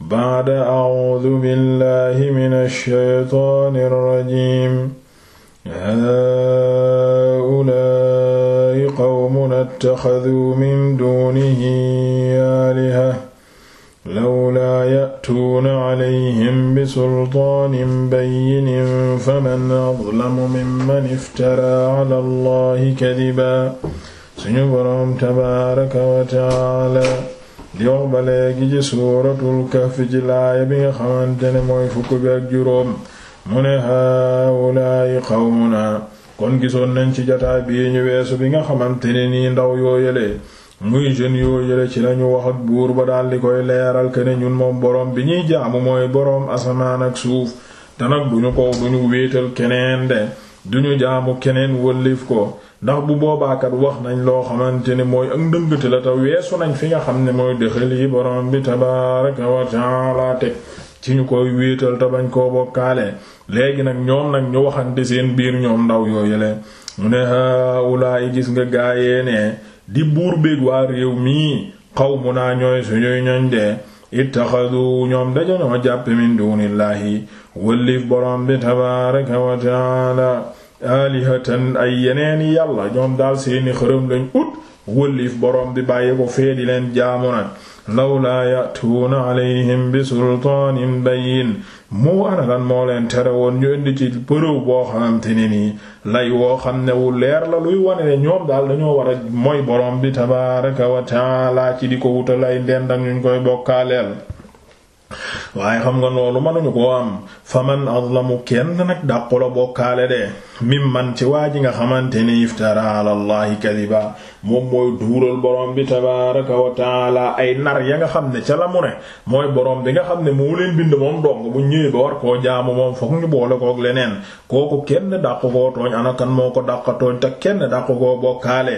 baada audu billahi min alsheytaani alrajim haulai qawmun attaxaduu min dunihi aaliha lawlaa ya'tuuna calayhim bisultaanin bayyinin faman adlamu mimman iftaraa cala allahi kadiba suñu boroom tabaaraka wa tacaala di wax ba léegi ci suuratul kahfi bi nga xamante ne mooy fukk bi ak juróom mu ne haawulaay a kon gisoon nañ ci jataay bi ñu weesu bi nga xamante ne nii ndaw yoo yëlee muy jeunes yoo yële ci lañu wax ak buur ba daal di koy leeral ke ne ñun moom boroom bi ñuy jaamu mooy boroom asamaan ak suuf te nag duñu ko duñu wéetal keneen de duñu jaamu keneen wëllif ko ndax bu boobaakat wax nañ loo xamante ne mooy ak ndëngate la te weesu nañ fi nga xam ne mooy dëxal yi borom bi tabaaraka a ta'aala teg ñu koy wéetal te bañ koo bokkaale léegi nag ñoom nag ñu waxante seen biir ñoom ndaw yooyule mu ne haawulaay gis nga gaayee ne di buur béeg waa réew mii xawmu naa ñooy suñuy ñoñ de ittaxadu ñoom alihatan ay yeneeni yàlla ñoom daal seeni xërëm lañ ut wëlliif borom bi bàyyi ko fee leen jaamu nag lawlaa yatuuna alayhim bi sultaanin bayin mu ana moo leen tere woon ñu indi ci përëw boo xamante ne nii lay woo xam newu leer la luy wane ne ñoom daal dañoo war a mooy boroom bi tabaaraka wa taala ci di ko wutal ay ndend ak ñu koy bokkaaleel waaye xam nga loolu mënuñu koo am faman azlamu kenn nag dàqula bokkaale de mim man ci waa ji nga xamante ni iftara ala allahi kadiba moom mooy duural borom bi tabaraka wa ay nar ya nga xam ne ca la ne mooy boroom bi nga xam ne moo leen bind moom dong bu ñëwee ba war koo jaamu moom fokk ñu boole kook leneen kooku kenn dàq koo tooñ anakan moo ko dàq tooñ te kenn dàq koo bokkaale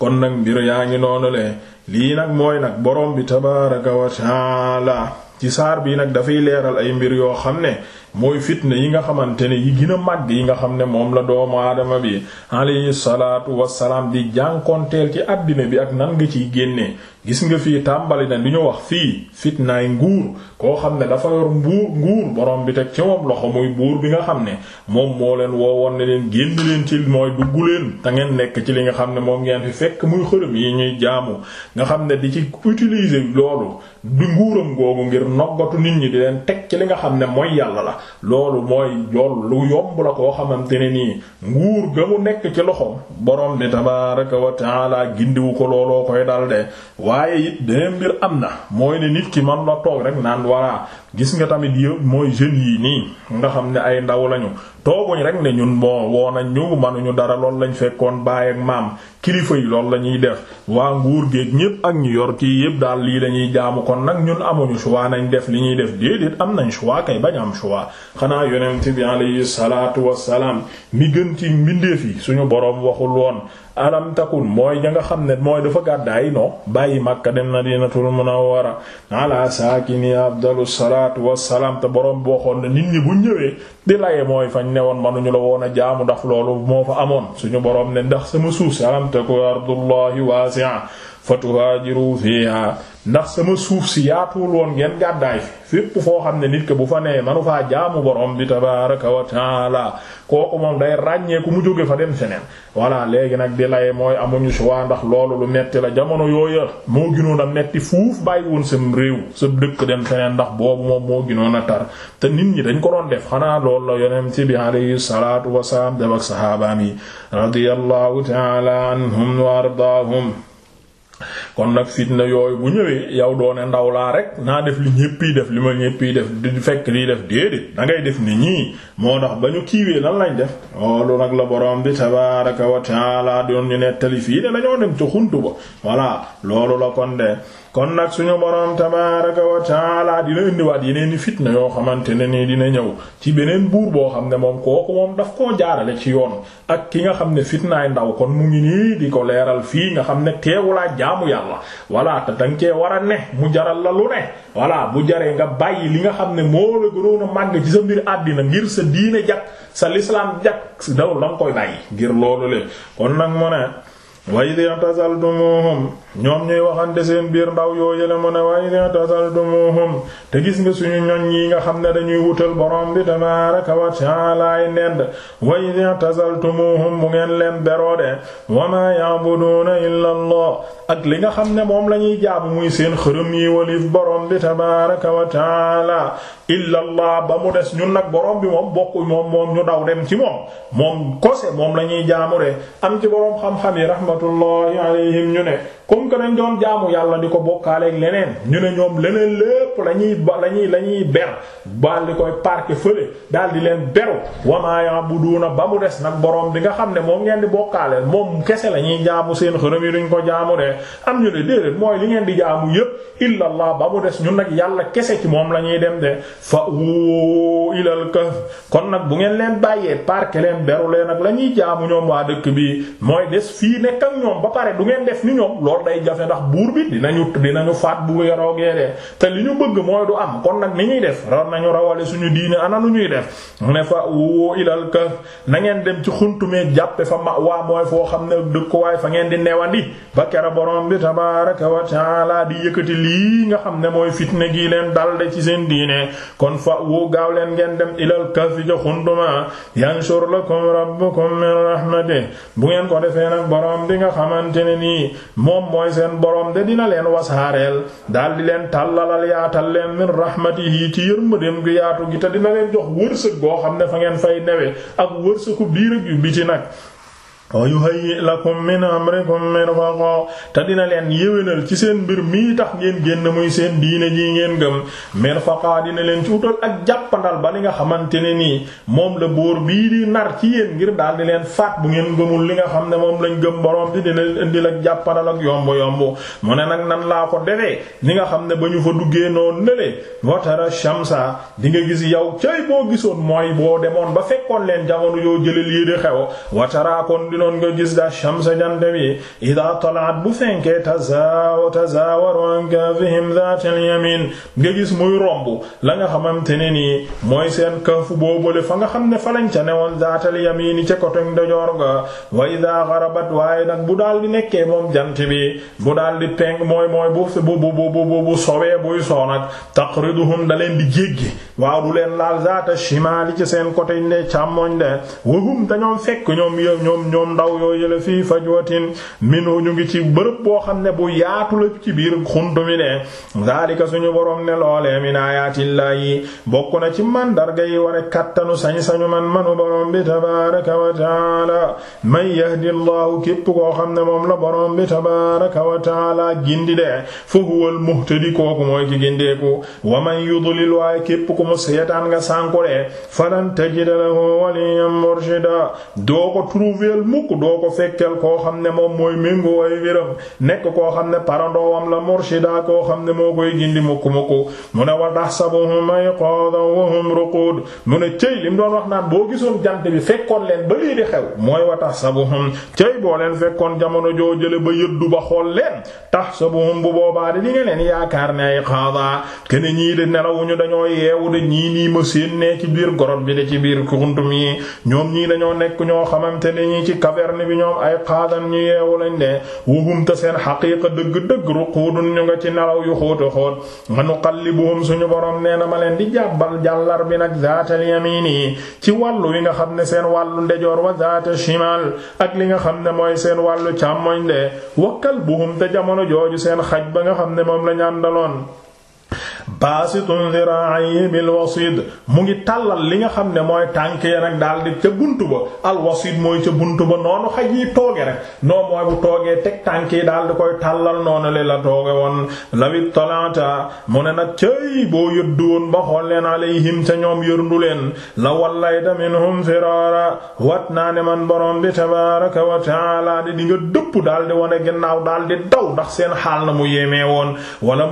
kon nag mbir yaa ngi noonu le lii nag mooy nag borom bi tabaraka wa taala ci saar bii nag dafay leeral ay mbir yoo xam ne mooy fitna yi nga xamante ne yi gën màgg yi nga xam ne moom la doomu aadama bi alayhi salaatu wassalaam di jànkoonteel ci àddina bi ak nan nga ciy génnee gis nga fii tàmbali na di ñu wax fii fitnaay nguur koo xam ne dafa yor mbuur nguur borom bi teg ci moom loxo muy buur bi nga xam ne moom moo leen woo woowoon ne leen génn leen ci mooy dugg leen te ngeen nekk ci li nga xam ne moom ngeen fi fekk muy xërëm yi ñuy jaamu nga xam ne di ci utiliser loolu di nguuram googu ngir noggatu nit ñi di leen teg ci li nga xam ne mooy yàlla la loolu mooy loolu lu yomb la koo xamante ne nii nguur ga mu nekk ci loxo borom bi tabaaraka wa taala gindiwu ko looloo koy dal de waaye it beneen mbir am na mooy ni nit ki man la toog rek naan walla gis nga tamit yëpp mooy jeunes yi nii nga xam ne ay ndaw lañu tooguñ rek ne ñun bon woo nañ ñu mënuñu dara loolu lañ fekkoon baay ak maam kilifa yi loolu la ñuy def waa nguur géeg ñépp ak ñu yor kii yépp daal lii lañuy jaamu kon nag ñun amuñu choix nañ def li ñuy def déedéet am nañ choix kay bañ am choix xanaa yonent bi alayhi salaatu wassalaam mi gën ci mbindeef yi suñu boroom waxul woon alam takun mooy ña nga xam ne mooy dafa gàddaay non bàyyi Makka dem Madinatul Munawwara ala saakini afdalu salaatu wassalaam te borom boo xoon ne nit ñi bu ñëwee di laye mooy fañ ne woon manuñu la woon a jaamu ndax loolu moo fa amoon suñu boroom ne ndax sama suuf si alam takun ardullahi waasi'a fatuhaajiru fiihaa ndax sama suuf si yaatuwul woon ngeen gàddaay fépp foo xam ne nit ke bu fa nee manu faa jaamu borom bi tabaaraka wa taala kooku moom day ku mu jóge fa dem feneen voilà léegi nag di lay mooy amuñu choix ndax loolu lu metti la jamono yooya moo ginoon a metti fuuf bàyyi woon sam réew sa dëkk dem feneen ndax boobu moom moo ginoon a tar te nit ñi dañ ko doon def xanaa loolu la yonent bi alayhi salaatu wasalaam def ak saxaabaam yi kon nag fitna yooyu bu ñëwee yow doone ndaw laa rek naa def li ñépp yi def li ma ñépp yi def di fekk lii def déedéet da ngay def ni ñii moo tax ba ñu kiiwee lan lañ def loolu nag la borom bi tabaaraka wa taala doon ñu nettali fii ne dañoo dem ca xuntu ba voilà loolu la kon kon nag suñu boroom tabaaraka wa taala dina indiwaat yeneen i fitna yoo xamante ne nii dina ñëw ci beneen buur boo xam ne moom kooku moom daf koo jaarale ci yoon ak ki nga xam ne fitnaay ndaw kon mu ngi nii di ko leeral fii nga xam ne laa jaamu yàlla walla te danga cee war a ne mu jaral la lu ne walla bu jaree nga bàyyi li nga xam ne moo la gënoon a màgg ci sa mbir àddina ngir sa diine jak sa lislaam jak daw la nga koy bàyyi ngir loolu le kon wa id i'tazaltumuhum ñoom ñuy waxante seen biir ndaw yoo yële mu ne wa id i'tazaltumuhum te gis nga suñu ñoñ yi nga xam ne dañuy wutal borom bi tabaaraka wa ta'aala nend wa id i'tazaltumuhum bu ngeen leen beroode wa maa ya'buduuna illa allah ak li nga xam ne moom la ñuy jaabu muy seen xërëm yi walif borom bi tabaaraka wa ta'aala illa allah ba mu des ñun nag borom bi moom bokku moom moom ñu daw dem ci moom moom kose moom la jaamu de am ci borom xam-xam rahmatullahi alayhim ñu ne comme que dañ doon jaamu yàlla di ko bokkaaleeg leneen ñu ne ñoom leneen képp la ñuy la ñuy la ñuy ber baal di koy parke fële daal di leen beru wamaa ya'buduuna ba mu des nag borom bi nga xam ne moom ngeen di bokkaaleel moom kese la ñuy jaamu seen xërëm yi duñ ko jaamu de am ñu ne déedéet mooy li ngeen di jaamu yépp illallah ba mu des ñun nag yàlla kese ci moom la ñuy dem de fa woo ilal kahf kon nag bu ngeen leen bàyyee parke leen beru leen ak la ñuy jaamu ñoom waa dëkk bi mooy des fii nekk ak ñoom ba pare du ngeen def ni ñoom loolu day jafe ndax buur bi dinañu dinañu bëgg mooy du am kon nag ni ñuy def raw nañu rawale suñu diine ana lu ñuy def ne fa woo ilal ka na ngeen dem ci xuntumee jàppe fa ma waa mooy foo xam ne dëkkuwaay fa ngeen di newandi ba kera borom bi tabaraka wa taala di yëkkati lii nga xam ne mooy fitne gii leen dalde ci seen diine kon fa woo gaaw ngeen dem ilal ka fi ca xuntuma yanshur lakum rabbukum min rahmati bu ngeen ko defee nag borom bi nga xamante ne nii moom mooy seen borom de dina leen wasaareel daldi leen tàllalal yaata yaatal leen min rahmatihi ci yërmandeem gi yaatu gi te dina leen jox wërsëg boo xam ne fa ngeen fay newee ak wërsëgu biir ak yu biti nag wa yuhayyi lakum min amrikum mirfaqa te dina leen yéwénal ci seen mbir mii tax ngeen génn muy seen diine jii ngeen gëm mirfaqa dina leen ci wutal ak jàppandal ba li nga xamante ne nii moom la boor bii di nar ci yéen ngir daal di leen faat bu ngeen gëmul li nga xam ne moom lañ gëm borom bi dina leen indil ak jàppandal ak yomb yomb mu ne nag nan laa ko defee li nga xam ne ba ñu fa duggee noonu nële watara shamsa di nga gis yow cay boo gisoon mooy boo demoon ba fekkoon leen jamono yow jëlal yi xew noon nga gis da shamsa jant bi ida talaat bu fenkee tazaawa tazaawaru an kahfihim dhaatal yamin nga muy romb la nga xamante ne nii mooy seen kahfu boobale fa nga xam ne fa lañ ca newoon dhaatal yamin ca côté ndejoor ga wa ida gharabat waaye nag bu daal di nekkee moom jant bi bu daal di penk mooy mooy bu bu bu bu bu sowee buy soo nag taqriduhum da leen di jéggi waaw du leen laal zaata shimaali ci seen côté ñu ne càmmoñ de wahum ñoom fekk ñoom ñoom ndaw yoo yële fii fajwatin minu ñu ngi ci bërëb boo xam ne bu yaatu la ci biir xuntu mi de zaalika suñu borom ne loolee min ayaatillaahi bokk na ci mandarga yi wone kattanu sañ-sañu man manu borom bi tabaaraka wa taala man yahdillahu képp koo xam ne moom la borom bi tabaaraka wa taala gindi de fa huwal muhtadi kooku mooy ki gindeeku wa man yudlil waaye képp mu seetaan nga sànku de falan tajida lahu waliyan murshida doo ko trouver mukk doo ko fekkel koo xam ne moom mooy méngoo ay wiram nekk koo xam ne parandoowam la murshida koo xam ne moo koy gindi mukk mukk mu ne wa tahsabuhum ayqadan wa hum ruqud mu ne cëy lim doon wax naan boo gisoon jant bi fekkoon leen ba lii di xew mooy wa tahsabuhum cëy boo leen fekkoon jamono joo ba yëddu ba xool leen tahsabuhum bu boobaa di li nga leen yaakaar ne ay qaada kenn ñii di ñii nii ma seen ne ci biir gorot bi de ci biir kuntum yi ñoom ñii dañoo nekk ñoo xamante ne ñii ci caverne bi ñoom ay xaadan ñu yeewu lañ de wuhum te seen xaqiiqa dëgg-dëgg ruquudun ñu nga ci nelaw yu manu xóot manuqallibuhum suñu boroom nee na ma leen di jàbbal jàllar bi nag zaatal yamini ci wàllu wi nga xam ne seen wàllu ndejoor wa zaata shimal ak li nga xam ne mooy seen wàllu càmmoñ de wakkal buhum te jamono jooju seen xaj ba nga xam ne moom la daloon baasitun yi bil wasid mu ngi tàllal li nga xam ne mooy tànk ya nag daal di ca buntu ba al mooy ca bunt ba noonu xaj yi tooge rek noo mooy bu toogee teg tànk yi daal di koy tàllal noonu li la tooge woon lawit talaata mu ne nag cëy boo yëddu woon ba xool leen alayhim ca ñoom yërndu leen la wallayta minhum firaara wat naa ne man borom bi tabaaraka wa taala di nga dëpp daal di wane ginnaaw daal di daw ndax seen xaal na mu yéemee woon wala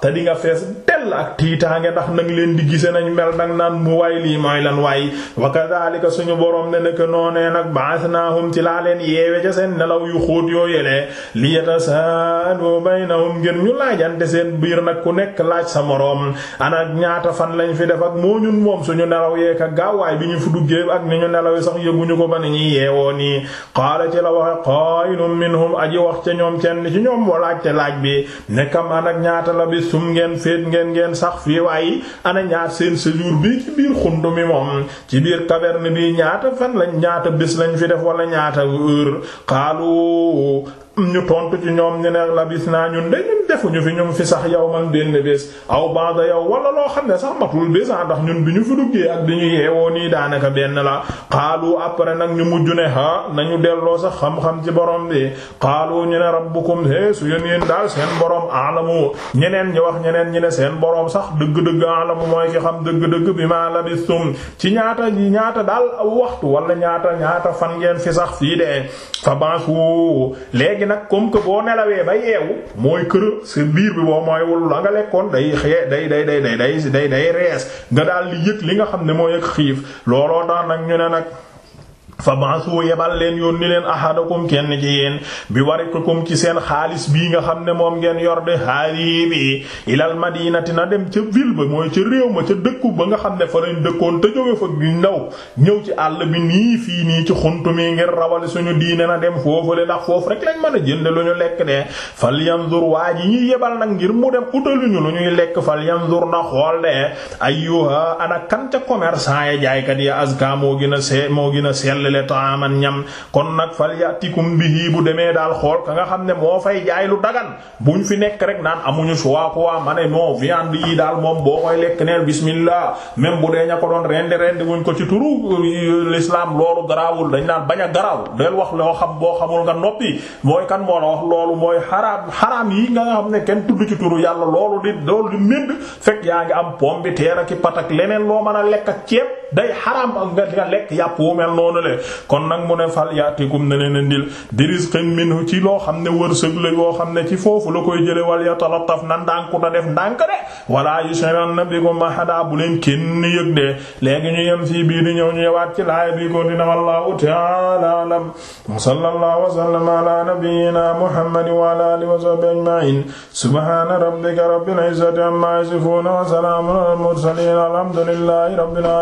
te di nga fees dell ak tiitaange ndax nang leen di gise nañ mel nag naan mu waay lii mooy lan waay wa kadhalika suñu borom ne nekk noonee nag ba'athnaahum ci laa leen yeewe ca seen nelaw yu xóot yoo yelee li na baynahum ngir ñu laajante seen biir nag ku nekk laaj sa moroom ana ñaata fan lañ fi def ak moo ñun moom suñu nelaw yeek ak gaawaay bi ñu fu duggee ak ni ñu nelaw sax yëguñu ko ba ni ñuy yeewoo nii qaala ci la waxe qaa'ilun minhum labistum ngeen féet ngeen ngeen sax fii waaye ana ñaar seen séjour bi ci biir xund mi moom ci biir caverne bi ñaata fan lañ ñaata bés lañ fi def wala ñaata heure xaalu ñu tontu ci ñoom ñu ne labis naa ñun de ñun defuñu fi ñun fi sax yow man benn bés aw banda yow wala loo xam ne sax matul bés ah, ndax ñun bi ñu fi duggee ak bi ñu yeewoo nii daanaka benn la xaalu après nag ñu mujj ne na ñu delloo sax xam-xam ci boroom bi xaalu ñu ne rabbukum he su yéen daal seen borom alamu ñeneen ñi wax ñeneen ñi ne seen boroom sax dëgg-dëgg alamu mooy ki xam dëgg-dëgg bi ma labistum ci ñaata ñi ñaata daal waxtu wala ñaata ñaata fan ngeen fi sax fii de fa nag comme que boo nelawee ba yeewu mooy kër sa biir bi boo mooy wul la nga lekkoon day day day day day day day rees nga daal li yëg li nga xam ne moo yëg xiif looloo tax nag ñu ne nag fa fabaasu yebal leen yónni leen ahadakum kenn ci yéen bi koom ci seen xaalis bii nga xam ne moom ngeen yor de haadi bi ilal madinati na dem ca ville ba mooy ca réew ma ca dëkku ba nga xam ne fa lañ dëkkoon te jóge fa ndaw ñëw ci àll bi nii fii nii ci xuntu mi ngir rawale suñu diine na dem foofule ndax foofu rek lañ mën a jënd lu ñu lekk de fal yanzur waa ji ñuy yebal nag ngir mu dem utaluñu lu ñuy lekk fa yanzur na xool de ayyuha ana kan ca jaaykat ya azka moo gën moo gën jàllale taaman ñam kon nag falyatikum bihi bu demee daal xool ka nga xam ne moo fay jaay lu dagan buñ fi nekk rek naan amuñu choix quoi ma ne non viande yi daal moom boo koy lekk neel bismillah même bu dee ña ko doon rendi rendi wuñ ko ci turu euh, l'islam loolu garaawul dañ naan bañ a garaaw del wax loo xam boo xamul nga noppi mooy kan moo la wax loolu mooy xaraam xaraam yi nga xam ne kenn tudd ci turu yàlla loolu di loolu fekk yaa ngi am pomme bi a day xaraam ak nga nga lekk yàpp wu mel noonu le kon nag mu ne fal yaatikum ne leen ndil birizqin minhu ci loo xam ne wërsëg la yoo xam ne ci foofu la koy jële wal yatalataf na ndànku ta def ndànk de wala yushiranna bikum ahada bu leen kenn yëg de léegi ñu yem fii bii di ñëw ñu yewaat ci laaya bi ko dina wallahu ta'ala alam sallallahu wa sallama ala nabiyyina muhammadin wa ala alihi wa sahbihi ajma'in subhana rabbika rabbil izzati amma yasifun wa salamun alal mursalin alhamdulillahi rabbil alamin